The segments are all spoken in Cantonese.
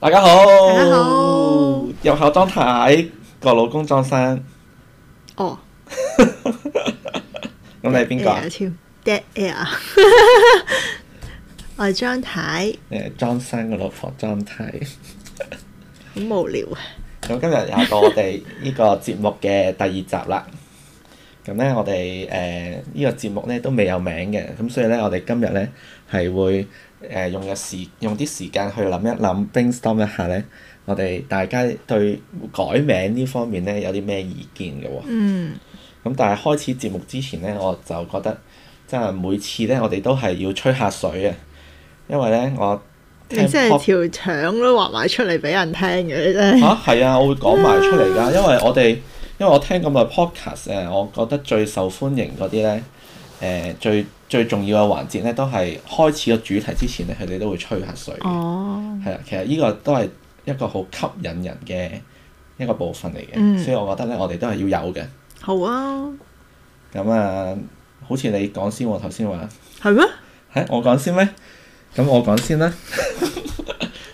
大家好，大家好，又係我莊太個老公莊生哦，咁你係邊個啊？爹爺，我係莊太，誒，莊生個老婆莊太，好無聊啊！咁今日又到我哋呢個節目嘅第二集啦，咁咧我哋誒呢個節目咧都未有名嘅，咁所以咧我哋今日咧係會。誒、呃、用日時用啲時間去諗一諗 brainstorm 一下咧， 我哋大家對改名呢方面咧有啲咩意見嘅喎、哦？嗯。咁、嗯、但係開始節目之前咧，我就覺得真係每次咧，我哋都係要吹下水啊，因為咧我即係條腸都畫埋出嚟俾人聽嘅，真係。嚇係啊，啊，我會講埋出嚟㗎， 因為我哋因為我聽咁嘅 podcast 誒、呃，我覺得最受歡迎嗰啲咧誒最。最重要嘅環節咧，都係開始個主題之前咧，佢哋都會吹下水哦，係啊，oh，其實呢個都係一個好吸引人嘅一個部分嚟嘅。Mm. 所以我覺得咧，我哋都係要有嘅。好啊。咁啊，好似你講先，哦嗎欸，我頭先話係咩？係我講先咩？咁我講先啦。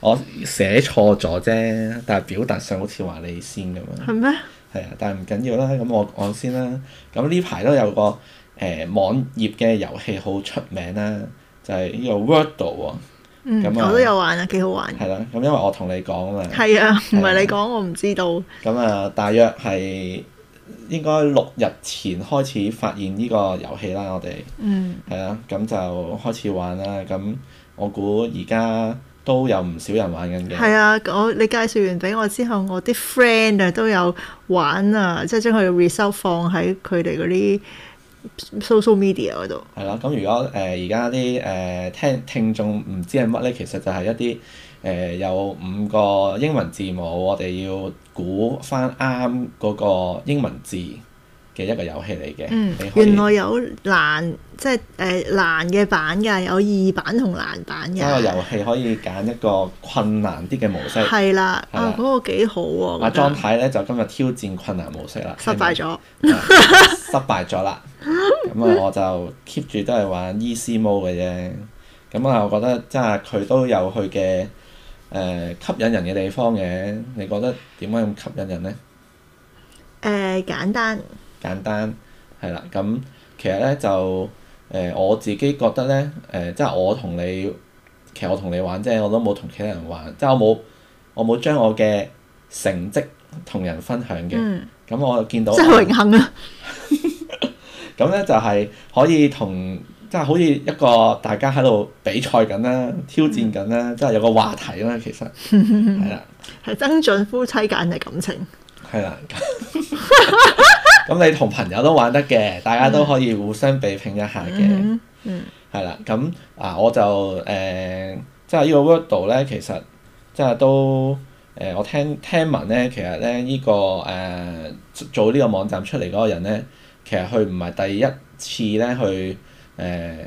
我寫錯咗啫，但係表達上好似話你先咁樣。係咩嗎？係啊，但係唔緊要啦。咁我講先啦。咁呢排都有個誒網頁嘅遊戲好出名啦，就係、是、呢個 Wordle、 嗯嗯、我都有玩啊，幾好玩。係啦，咁因為我同你講啊嘛。係啊的，唔係你講的我唔知道。咁啊、嗯，嗯、大約係應該六日前開始發現呢個遊戲啦，我哋。嗯。係啊，咁就開始玩啦。咁我估而家都有唔少人玩緊嘅。係啊，我你介紹完俾我之後，我啲 friend 啊都有玩啊，即係將佢嘅 result 放喺佢哋嗰啲 social media 嗰度係啦，咁如果誒而家啲誒聽聽眾唔知係乜咧，其實就係一啲誒、呃、有五個英文字母，我哋要估翻啱嗰個英文字嘅一個遊戲嚟嘅。嗯、原來有難即係誒難嘅版噶，有易版同難版嘅。嗰個遊戲可以揀一個困難啲嘅模式。係啦 了，的啊嗰的、啊嗰個幾好。阿莊太咧就今日挑戰困難模式啦，失敗咗。 失敗咗啦，咁、嗯、啊、 嗯，我就 keep 住都係玩 Easy Mode 嘅啫。咁、嗯、啊，我覺得即係佢都有佢嘅誒吸引人嘅地方嘅。你覺得點解咁吸引人呢？誒、呃、簡單，嗯、簡單係啦。咁、嗯、其實呢，就誒、呃、我自己覺得呢，誒、呃，即係我同你其實我同你玩即啫，我都冇同其他人玩，即係我冇我冇將我嘅成績同人分享嘅。咁、嗯、我見到真係榮幸啊！咁咧就係可以同即係好似一個大家喺度比賽緊啦，挑戰緊啦，嗯、即係有個話題咧。其實係啦，係增進夫妻間嘅感情。係啦，咁你同朋友都玩得嘅，大家都可以互相比拼一下嘅，嗯。嗯、係、嗯、啦，咁啊，我就誒，即係呢個 Wordle 咧、呃，其實即係都誒，我聽聽聞咧，其實咧呢個誒做呢個網站出嚟嗰個人咧。其實佢唔係第一次咧，去、呃、誒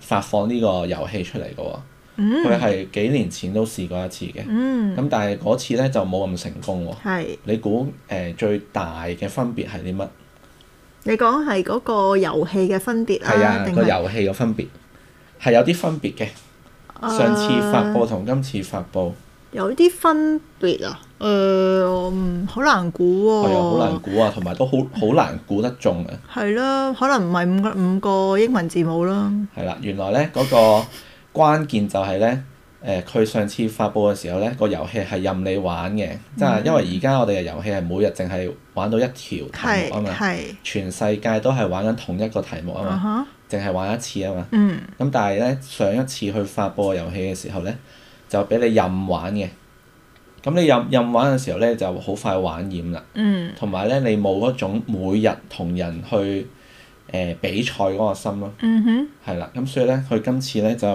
發放呢個遊戲出嚟嘅喎。佢係、嗯、幾年前都試過一次嘅。咁、嗯、但係嗰次咧就冇咁成功喎、哦。是你估誒、呃、最大嘅分別係啲乜？你講係嗰個遊戲嘅分別啊？個是遊戲嘅分別係有啲分別嘅。呃、上次發布同今次發布。有啲分別啊，誒、呃，好難估喎。啊，好、哦、難估啊，同埋都好好難估得中啊。係咯， 可能唔係五個五個英文字母啦。係啦，原來咧嗰、那個關鍵就係咧，誒、呃，佢上次發佈嘅時候咧，嗰個遊戲係任你玩嘅，即係、嗯、因為而家我哋嘅遊戲係每日淨係玩到一條題目啊嘛，的全世界都係玩緊同一個題目啊嘛哈，淨係玩一次啊嘛。嗯。咁但係咧，上一次去發佈遊戲嘅時候咧，就俾你任玩嘅，咁你任任玩嘅時候咧，就好快玩厭啦。嗯，同埋咧，你冇嗰種每日同人去誒、呃、比賽嗰個心咯、啊。嗯哼，係啦，咁所以咧，佢今次咧就，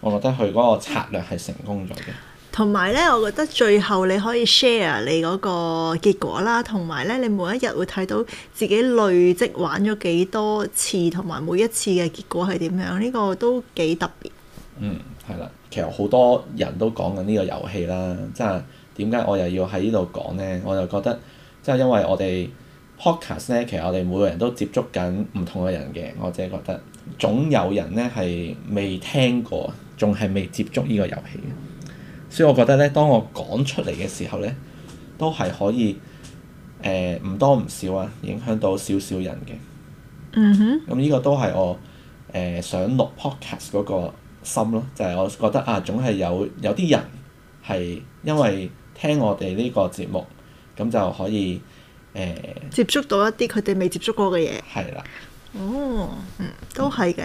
我覺得佢嗰個策略係成功咗嘅。同埋咧，我覺得最後你可以 share 你嗰個結果啦，同埋咧，你每一日會睇到自己累積玩咗幾多次，同埋每一次嘅結果係點樣，呢、呢個都幾特別。嗯，係啦。其實好多人都講緊呢個遊戲啦，即係點解我又要喺呢度講呢？我就覺得即係因為我哋 podcast 咧，其實我哋每個人都接觸緊唔同嘅人嘅，我自己覺得總有人呢係未聽過，仲係未接觸呢個遊戲。所以我覺得咧，當我講出嚟嘅時候咧，都係可以誒、呃、唔多唔少啊，影響到少少人嘅。咁呢、mm hmm. 嗯這個都係我誒、呃、想錄 podcast 嗰、那個，心咯，就係我覺得啊，總係有有啲人係因為聽我哋呢個節目，咁就可以誒、呃、接觸到一啲佢哋未接觸過嘅嘢。係啦的，哦，嗯，都係嘅，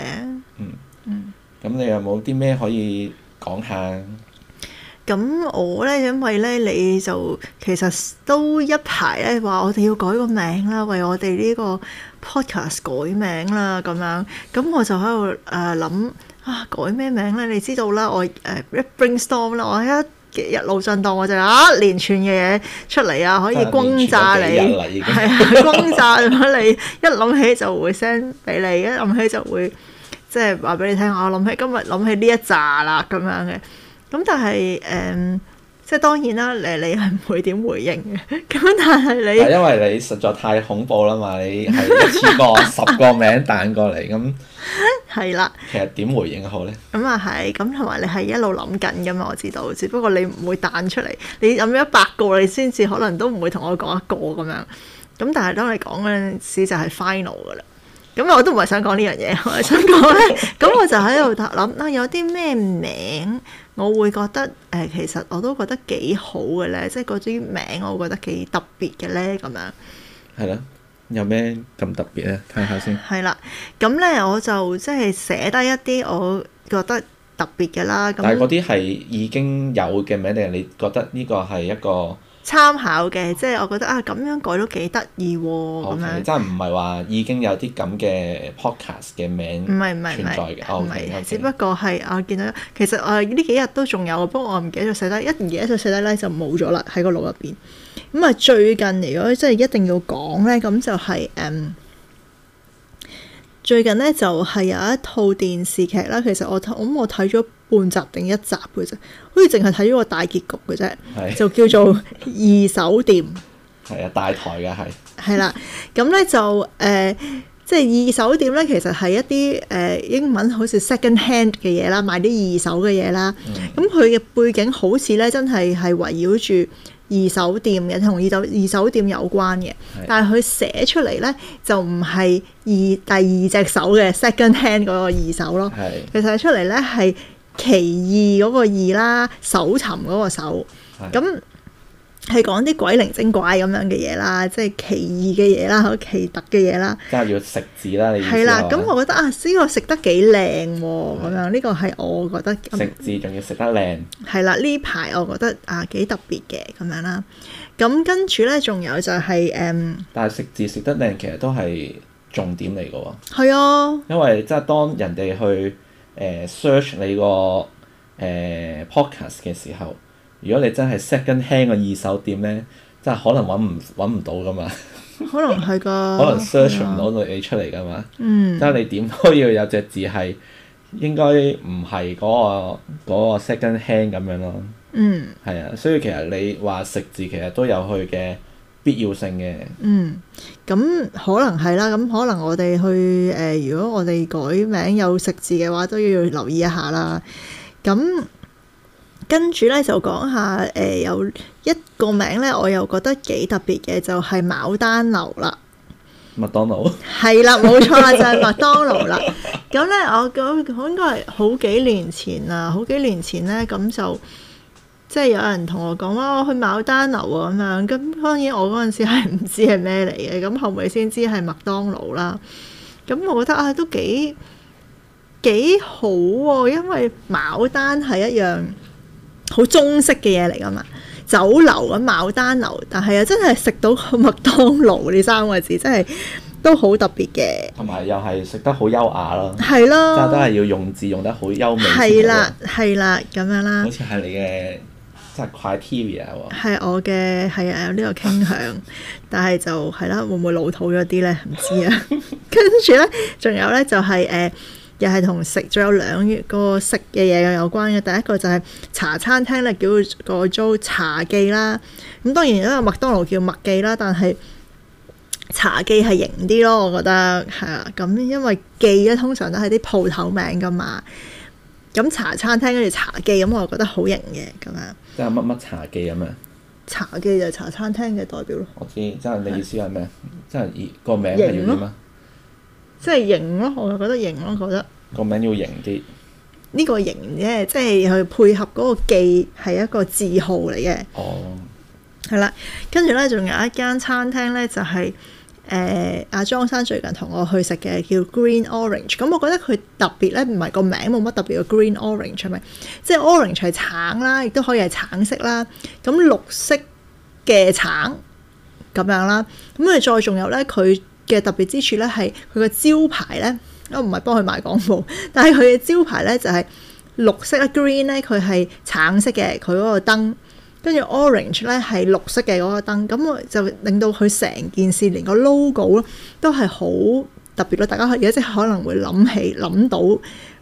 嗯嗯。咁、嗯、你有冇啲咩可以講下？咁、嗯、我咧，因為咧，你就其實都一排咧話我哋要改個名啦，為我哋呢個 podcast 改名啦，咁樣，咁我就喺度誒諗。呃啊，改咩名咧？你知道啦，我誒 brainstorm 啦，我一 storm，我一,一路震盪我就一、啊、連串嘅嘢出嚟啊，可以轟炸你，係 啊，轟炸咁啊！你一諗起就會 send 俾你，一諗起就會即係話俾你聽、啊。我諗起今日諗起呢一紮啦咁樣嘅，咁但係誒、嗯，即係當然啦，誒你係唔會點回應嘅。咁但係你但因為你實在太恐怖啦嘛，你係一次過十個名彈過嚟咁。 係啦，其實點回應好咧？咁啊係，咁同埋你係一路諗緊噶嘛，我知道。只不過你唔會彈出嚟，你諗一百個，你先至可能都唔會同我講一個咁樣。咁、嗯、但係當你講嗰陣時就係 final 噶啦。咁、嗯、我都唔係想講 呢樣嘢、嗯，我係想講咧。咁我就喺度諗啊，有啲咩名我會覺得誒、呃，其實我都覺得幾好嘅咧，即係嗰種名我覺得幾特別嘅咧咁樣。係啦。有咩咁特別咧？睇下先。係啦，咁咧我就即係寫低一啲我覺得特別嘅啦。咁但係嗰啲係已經有嘅名，定係你覺得呢個係一個參考嘅？即係我覺得啊，咁樣改都幾得意喎。咁樣真係唔係話已經有啲咁嘅 podcast 嘅名，唔係唔係唔係存在嘅。哦，OK，只不過係我見到其實我呢幾日都仲有，不過我唔記得咗寫低，一唔記得咗寫低咧就冇咗啦，喺個腦入邊。咁啊、就是嗯，最近嚟講，即係一定要講咧，咁就係誒，最近咧就係有一套電視劇啦。其實我睇，咁我睇咗半集定一集嘅啫，好似淨係睇咗個大結局嘅啫。是就叫做二手店，係 啊，大台嘅係。係啦，咁咧、啊、就誒，即、呃、係、就是、二手店咧，其實係一啲誒、呃、英文好似 second hand 嘅嘢啦，賣啲二手嘅嘢啦。咁佢嘅背景好似咧，真係係圍繞住。二手店嘅同二手二手店有關嘅，是的 但係佢寫出嚟咧就唔係二第二隻手嘅 second hand 嗰個二手咯，其實寫出嚟咧係其二嗰個二啦，搜尋嗰個手咁。係講啲鬼靈精怪咁樣嘅嘢啦，即係奇異嘅嘢啦，好奇特嘅嘢啦。即係要食字啦，你意思。係啦。咁我覺得啊，呢、這個食得幾靚咁樣，呢個係我覺得、嗯、食字仲要食得靚。係啦，呢排我覺得啊，幾特別嘅咁樣啦。咁跟住咧，仲有就係、是、誒，嗯、但係食字食得靚，其實都係重點嚟噶。係啊，因為即係當人哋去誒 search、呃、你個誒、呃、podcast 嘅時候。如果你真係 second hand 嘅二手店咧，真係可能揾唔揾唔到噶嘛，可能係噶， 可能 search 唔到你出嚟噶嘛。嗯，即係你點都要有隻字係應該唔係嗰個嗰、嗰個 second hand 咁樣咯。嗯，係啊，所以其實你話食字其實都有佢嘅必要性嘅。嗯，咁可能係啦，咁可能我哋去誒、呃，如果我哋改名有食字嘅話，都要留意一下啦。咁。跟住咧就講下誒，有一個名咧，我又覺得幾特別嘅，就係牡丹樓啦。麥當勞係啦，冇錯啦，就係麥當勞啦。咁咧，我咁應該係好幾年前啦，好幾年前咧，咁就即係有人同我講啊，我去牡丹樓啊，咁樣咁。當然我嗰陣時係唔知係咩嚟嘅，咁後尾先知係麥當勞啦。咁我覺得啊，都幾幾好喎，因為牡丹係一樣好中式嘅嘢嚟噶嘛？酒樓啊，牡丹樓，但係啊，真係食到個麥當勞呢三個字，真係都好特別嘅。同埋又係食得好優雅咯，係咯，真都係要用字用得好優美。係啦，係啦，咁樣啦。好似係你嘅即係、就是、criteria 係我嘅係啊，有、這、呢個傾向，但係就係啦、啊，會唔會老土咗啲咧？唔知啊。跟住咧，仲有咧就係、是、誒。呃又係同食，仲有兩月個食嘅嘢有關嘅。第一個就係茶餐廳咧，叫個租茶記啦。咁當然，一個麥當勞叫麥記啦。但係茶記係型啲咯，我覺得係啊。咁因為記咧，通常都係啲鋪頭名噶嘛。咁茶餐廳跟住茶記，咁我係覺得好型嘅咁啊。即係乜乜茶記咁啊？茶記就茶餐廳嘅代表咯。我知，即係你意思係咩啊？即係個名係要點啊？即係型咯，我係覺得型咯，覺得。個名要型啲，呢個型啫，即係去配合嗰個記，係一個字號嚟嘅。哦、oh.，係啦，跟住咧，仲有一間餐廳咧，就係誒阿莊生最近同我去食嘅，叫 Green Orange、嗯。咁我覺得佢特別咧，唔係個名冇乜特別，個 Green Orange 出咪，即係 Orange 係橙啦，亦都可以係橙色啦。咁、嗯、綠色嘅橙咁樣啦。咁、嗯、啊，再仲有咧，佢嘅特別之處咧，係佢嘅招牌咧。我唔係幫佢賣廣告，但係佢嘅招牌咧就係、是、綠色咧，green 咧佢係橙色嘅，佢嗰個燈跟住 orange 咧係綠色嘅嗰個燈，咁我就令到佢成件事連個 logo 都係好特別咯。大家而家即可能會諗起諗到，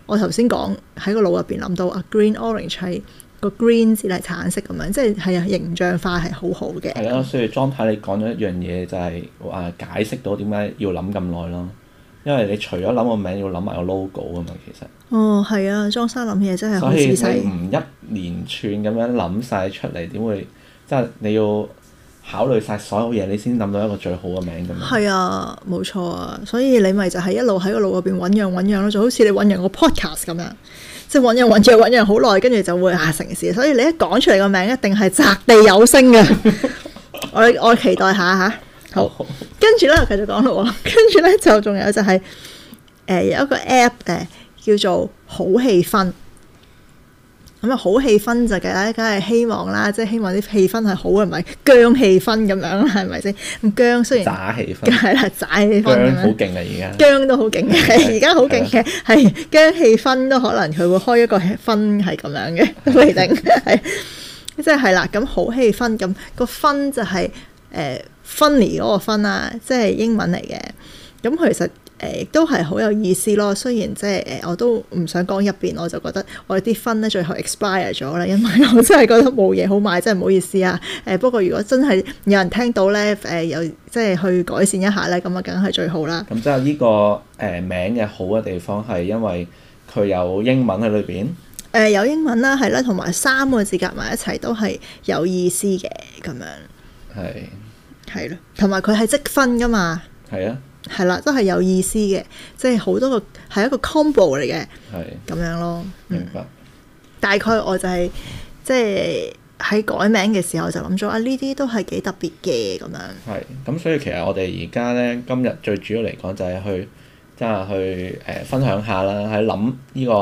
我頭先講喺個腦入邊諗到啊，green orange 係個 green 字係橙色咁樣、那個，即係係形象化係好好嘅。係啊，所以莊太你講咗一樣嘢就係、是、話、啊、解釋到點解要諗咁耐咯。因為你除咗諗個名，要諗埋個 logo 啊嘛，其實哦係啊，莊生諗嘢真係所以唔一連串咁樣諗晒出嚟，點會即係你要考慮晒所有嘢，你先諗到一個最好嘅名咁樣。係、嗯、啊，冇錯啊，所以你咪就係一路喺個腦嗰邊醞釀醞釀咯，就好似你醞釀個 podcast 咁樣，即係醞釀醞釀醞釀好耐，跟住就會啊成事。所以你一講出嚟個名，一定係擲地有聲嘅。 我我期待下吓。好，跟住咧就繼續講咯。跟住咧就仲有就係誒有一個 app 嘅，叫做好氣氛。咁啊好氣氛就梗係梗係希望啦，即係希望啲氣氛係好，唔係僵氣氛咁樣啦，係咪先？咁僵雖然，炸氣氛係啦，炸氣氛，薑好勁呀而家，薑都好勁嘅，而家好勁嘅係薑氣氛都可能佢會開一個分係咁樣嘅，未定係即係係啦。咁好氣氛，咁個分就係誒。分離嗰個分啊，即係英文嚟嘅，咁其實誒、呃、都係好有意思咯。雖然即係誒，我都唔想講入邊，我就覺得我啲分咧最後 expire 咗啦，因為我真係覺得冇嘢好買，真係唔好意思啊。誒、呃，不過如果真係有人聽到咧，誒、呃、有即係去改善一下咧，咁啊梗係最好啦。咁即係呢個誒名嘅好嘅地方係因為佢有英文喺裏邊，誒、呃、有英文啦係啦，同埋三個字夾埋一齊都係有意思嘅咁樣。係。係咯，同埋佢係積分㗎嘛，係啊的，係啦，都係有意思嘅，即係好多個係一個 combo 嚟嘅，咁的樣咯。嗯、明白。大概我就係即係喺改名嘅時候就諗咗啊，呢啲都係幾特別嘅咁樣。係，咁所以其實我哋而家咧今日最主要嚟講就係去即係去誒、呃、分享下啦，喺諗呢個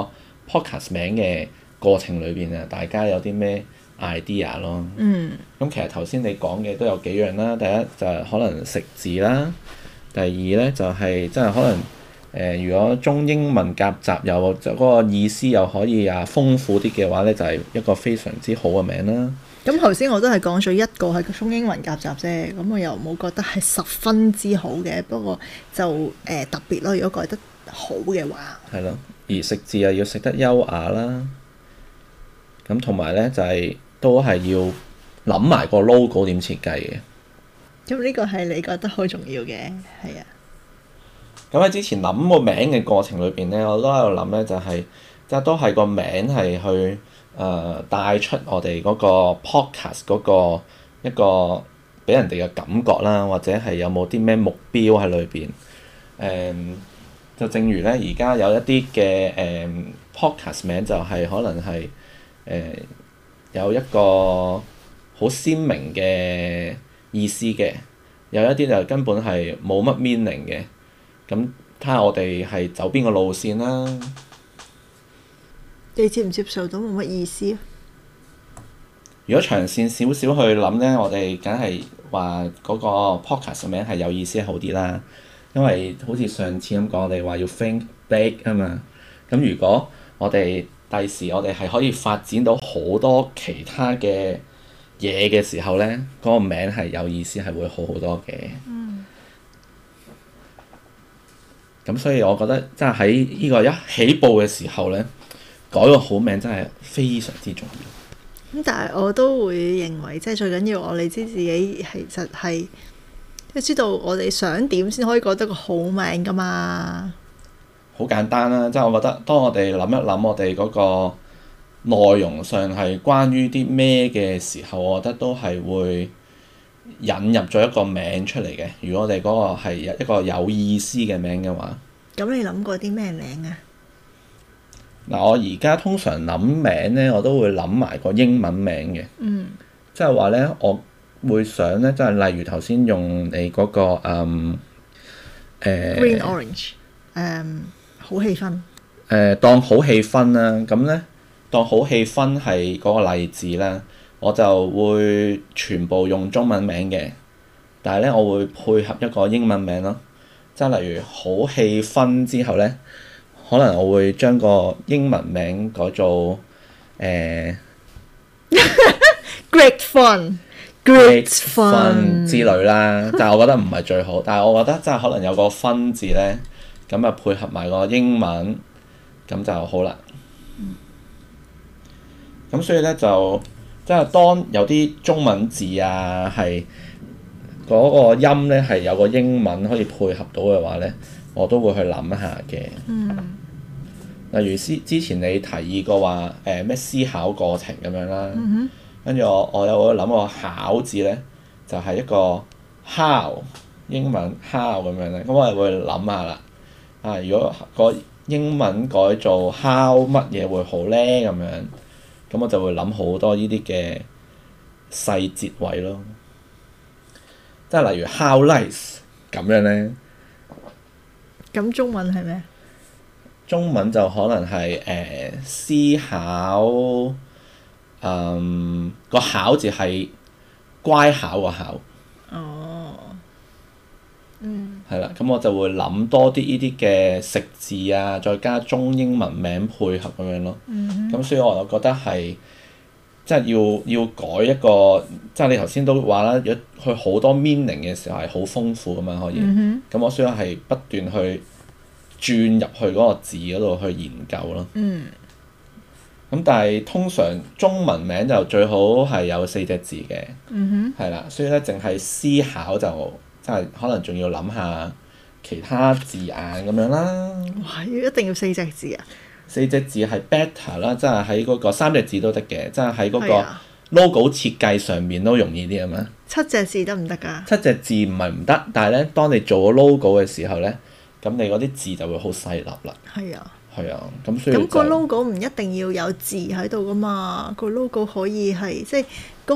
podcast 名嘅過程裏邊啊，大家有啲咩？idea 咯，咁、嗯、其實頭先你講嘅都有幾樣啦。第一就係、是、可能食字啦，第二咧就係、是、真係可能誒、呃，如果中英文夾雜又就嗰個意思又可以啊豐富啲嘅話咧，就係、是、一個非常之好嘅名啦。咁頭先我都係講咗一個係中英文夾雜啫，咁我又冇覺得係十分之好嘅，不過就誒、呃、特別咯。如果改得好嘅話，係咯，而食字又要食得優雅啦，咁同埋咧就係、是。都係要諗埋個 logo 點設計嘅。咁呢個係你覺得好重要嘅？係啊。咁喺之前諗個名嘅過程裏邊咧，我都喺度諗咧，就係即係都係個名係去誒、呃、帶出我哋嗰個 podcast 嗰個一個俾人哋嘅感覺啦，或者係有冇啲咩目標喺裏邊。誒、呃，就正如咧，而家有一啲嘅誒 podcast 名就係可能係誒。呃有一個好鮮明嘅意思嘅，有一啲就根本係冇乜 meaning 嘅。咁睇下我哋係走邊個路線啦啊。你接唔接受到冇乜意思啊？如果長線少少去諗呢，我哋梗係話嗰個 podcast 嘅名係有意思好啲啦。因為好似上次咁講，我哋話要 think big 啊嘛。咁如果我哋第時我哋係可以發展到好多其他嘅嘢嘅時候呢，嗰、那個名係有意思，係會好好多嘅。咁、嗯、所以我覺得，真係喺呢個一起步嘅時候呢，改個好名真係非常之重要。咁、嗯、但係我都會認為，即係最緊要我哋知自己其實係，即知道我哋想點先可以改得個好名噶嘛。好簡單啦，即係我覺得，當我哋諗一諗我哋嗰個內容上係關於啲咩嘅時候，我覺得都係會引入咗一個名出嚟嘅。如果我哋嗰個係一個有意思嘅名嘅話，咁你諗過啲咩名啊？嗱，我而家通常諗名咧，我都會諗埋個英文名嘅。嗯，即係話咧，我會想咧，即係例如頭先用你嗰個嗯 green orange，嗯。好氣氛，誒、呃、當好氣氛啦、啊，咁咧當好氣氛係嗰個例子啦，我就會全部用中文名嘅，但係咧我會配合一個英文名咯，即、就、係、是、例如好氣氛之後咧，可能我會將個英文名改做誒、呃、 Great Fun、Great Fun 之類啦，但係 我覺得唔係最好，但係我覺得即係可能有個分字咧。咁啊，配合埋個英文咁就好啦。咁所以呢，就即係當有啲中文字啊，係嗰、那個音呢，係有個英文可以配合到嘅話呢，我都會去諗下嘅。Mm hmm. 例如之前你提議過話，咩、呃、思考過程咁樣啦，跟住、mm hmm. 我我有諗個考字呢，就係、是、一個 how 英文 how 咁樣呢，咁我哋會諗下啦。啊！如果個英文改做 how 乜嘢會好呢？咁樣，咁我就會諗好多呢啲嘅細節位咯，即係例如 how nice 咁樣呢？咁中文係咩？中文就可能係、呃、思考，嗯，個考字係乖巧個考。哦，嗯係啦，咁我就會諗多啲呢啲嘅食字啊，再加中英文名配合咁樣咯。咁、mm hmm. 所以我又覺得係，即係要要改一個，即係你頭先都話啦，如果佢好多 meaning 嘅時候係好豐富咁樣可以。咁我、mm hmm. 所以係不斷去轉入去嗰個字嗰度去研究咯。咁、mm hmm. 但係通常中文名就最好係有四隻字嘅。係啦，mm hmm. 所以咧淨係思考就，可能仲要諗下其他字眼咁樣啦。哇！一定要四隻字啊？四隻字係 better 啦，即係喺嗰個三隻字都得嘅，即係喺嗰個 logo、啊、logo 設計上面都容易啲咁樣。七隻字得唔得噶？七隻字唔係唔得，但係咧，當你做 logo 嘅時候咧，咁你嗰啲字就會好細粒啦。係啊，係啊，咁所以咁個 logo 唔一定要有字喺度噶嘛，個 logo 可以係即係。就是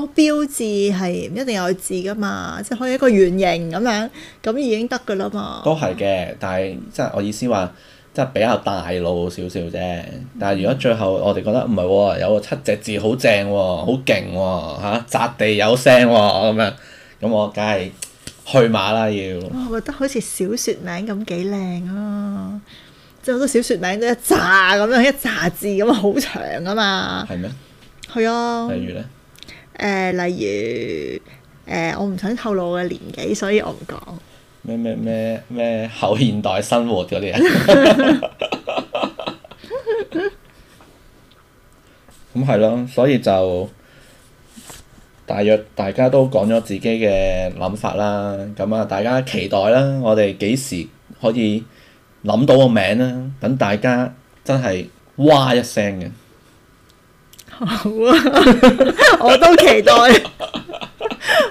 個標誌係唔一定有字噶嘛，即、就、係、是、可以一個圓形咁樣，咁已經得噶啦嘛。都係嘅，但係即係我意思話，即係比較大路少少啫。但係如果最後我哋覺得唔係喎，有個七隻字好正喎，哦，好勁喎嚇，擲、哦啊、地有聲喎，哦、咁樣，咁我梗係去馬啦要，哦。我覺得好似小説名咁幾靚啊！即係好多小説名都一紮咁樣，一紮字咁嗎 啊，好長㗎嘛。係咩？係啊。例如咧。呃、例如、呃、我唔想透露我嘅年紀，所以我唔講咩咩咩後現代生活嗰啲 啊，咁係咯，所以就大約大家都講咗自己嘅諗法啦，咁啊，大家期待啦，我哋幾時可以諗到個名啦？等大家真係哇一聲嘅。好啊！我都期待，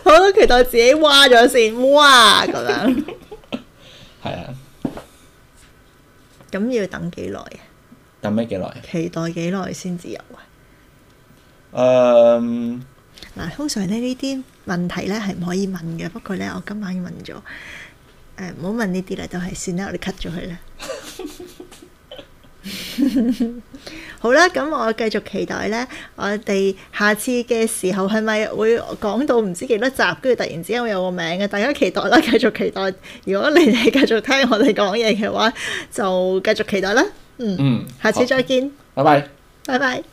我都期待自己挖咗先哇咁樣。係啊，咁要等幾耐啊？等咩幾耐啊？期待幾耐先至有啊？誒，嗱，通常咧，呢啲問題咧，係唔可以問嘅，不過咧，我今晚問咗，誒，唔好問呢啲啦，就係算啦，我哋 cut 咗佢啦。好啦，咁我繼續期待呢。我哋下次嘅時候係咪會講到唔知幾多集，跟住突然之間會有個名嘅，大家期待啦，繼續期待。如果你哋繼續聽我哋講嘢嘅話，就繼續期待啦。嗯，嗯，下次再見，拜拜，拜拜。拜拜。